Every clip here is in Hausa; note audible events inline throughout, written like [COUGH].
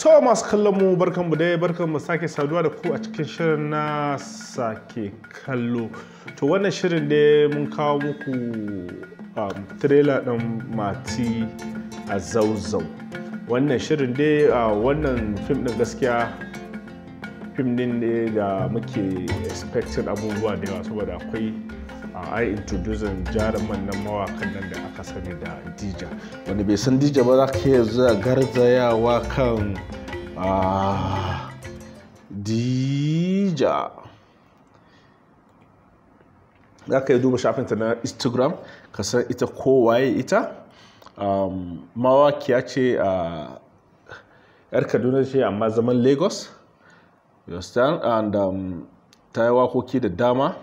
to masu kallon mu barkan mu dai barkan mu sake saduwa da ku a cikin shirin na sake kallo to wannan shirin dai mun kawo muku um, trailer ɗin mati a zauzau wannan shirin dai wannan fim ɗin gaskiya fim ɗin ne da muke expecting abubuwa da yawa saboda akwai a introducing jaruman nan mawakan nan da aka sani da dija Wani bai san dija ba za ka iya zuwa garzayawa kan dija za ka yi duba shafinta na instagram ka san ita kowaye ita mawakiya ce a yar kaduna ce amma zaman lagos you understand and um, ta yi wakoki da dama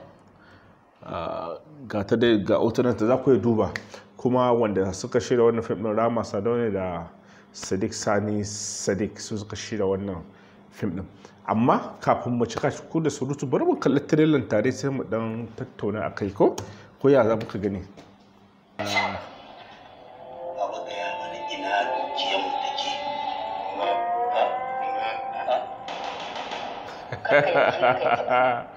ga ta dai ga hotunan ta za ku duba kuma wanda suka shirya wannan fim din Rama Sadone da Sadiq Sani Sadiq su suka shirya wannan fim din amma kafin mu cika ku da surutu bari mu kalli trailer tare sai mu dan tattauna akai ko ko ya za muka gani Ha ha ha ha ha.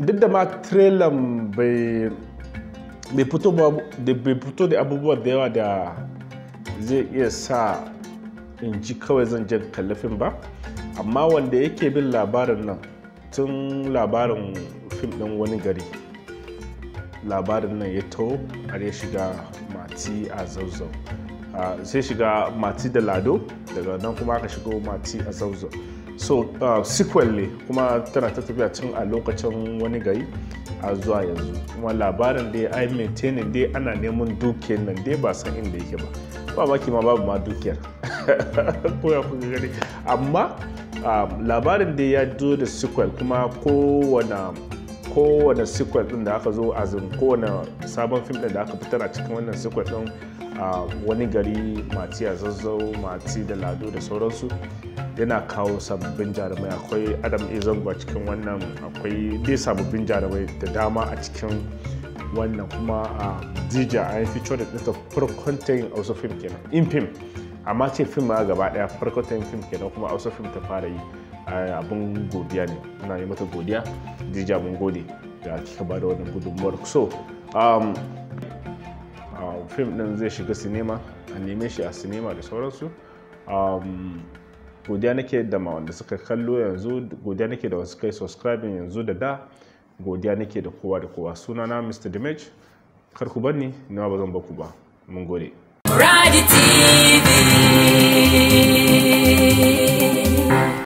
duk da ma trailer bai fito bai fito da abubuwa da yawa da zai iya sa in ji kawai zan jan kallafin ba amma wanda yake bin labarin nan tun labarin fim din wani gari labarin nan ya taho har ya shiga mati a zauzau ah, sai shiga mati da lado daga nan kuma aka shigo mati a zauzau so uh, ne kuma tana ta tafiya cin a lokacin wani gari a zuwa yanzu kuma labarin dai ai maintaining dai ana neman dukiyar nan dai ba san inda yake ba ba baki ma babu ma dukiyar [LAUGHS] ko ya kuka gani amma um, labarin dai ya zo da sequel kuma kowane kowane sequel din da aka zo a zin kowane sabon fim din da aka fitar a cikin wannan sequel din um, wani gari mati a zazzau mati da lado da sauransu yana kawo sababbin jarumai akwai adam izango cikin wannan akwai dai sababbin jarumai da dama a cikin wannan kuma a dija an fito da ɗinta farkon ta yin auso fim kenan in fim amma ce fim ma gaba daya farkon ta yin fim kenan kuma auso fim ta fara yi abin godiya ne muna yi mata godiya dija mun gode da kika ba da wannan gudunmuwar so um, fim ɗin zai shiga sinema a neme shi a sinema da sauransu um, godiya nake da ma wanda suka kallo yanzu godiya nake da wasu kai subscribing yanzu da da godiya nake da kowa da kowa na mr dimage karku ku banni na ba zan baku ba mun gode TV.